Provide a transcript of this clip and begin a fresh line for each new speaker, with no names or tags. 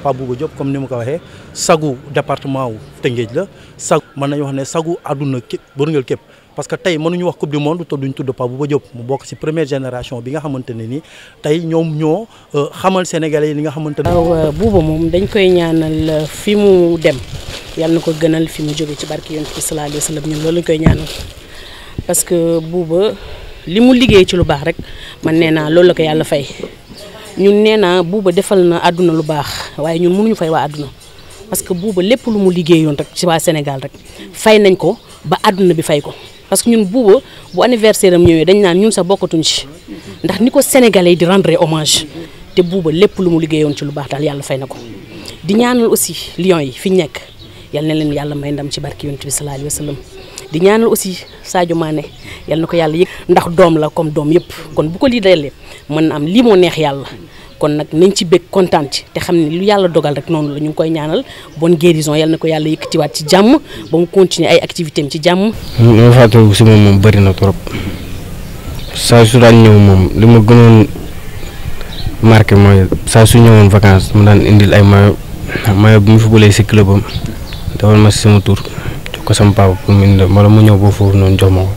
Pape Bouba Diop comme ni ko sagu département wu tengej la sagu man nañ wax ne sagu aduna képp bërngël képp parce que tey mënuñu wax coupe du monde to duñ tuddu Pape Bouba Diop mu bok ci première génération bi nga xamanteni ni tay ñom ño euh, xamal sénégalais yi nga xamanteni waaw euh, dañ koy ñaanal euh, fi mu dem yalla nako gënal fi mu jóge ci barki yoon ci sallallahu
alayhi wasallam ñun loolu koy ñaanal parce que Bouba limu liggé ci lu baax rek man néna loolu ko yalla fay. ñun nee naa buuba defal na àdduna lu baax waaye ñun mënuñu fay waa àdduna parce que buuba lépp lu mu liggéeyoon rek ci waa Sénégal rek fay nañ ko ba àdduna bi fay ko parce que ñun buuba bu anniversaire am ñëwee dañ naan ñun sa bokkatuñ ci ndax ni ko sénégalais di rendre omage te buuba lépp lu mu liggéeyoon ci lu baax daal yàlla fay na ko di ñaanal aussi lion yi fi ñu nekk yal na leen yàlla may ndam ci barki yonent bi sallallahu alayhi wa sallam di ñaanal aussi Sadio Mané yal na ko yàlla yëg ndax doom la comme doom yëpp kon bu ko lii dalee mën na am lii moo neex yàlla kon nag nañ ci bëgg kontaan ci te xam ne lu yàlla dogal rek noonu la ñu ngi koy ñaanal bon gérison yal na ko yàlla yëkkatiwaat ci jàmm ba mu continuer ay activité ci jàmm.
li ma fàttaliku si moom bëri na trop saa moom li ma gënoon marqué mooy saa su ñëwoon vacances mu daan indil ay mayo mayo bi mu fubalee si clubam dawal ma si sama tur. ko sama papa pour mu indi la mu ñëw ba foofu noonu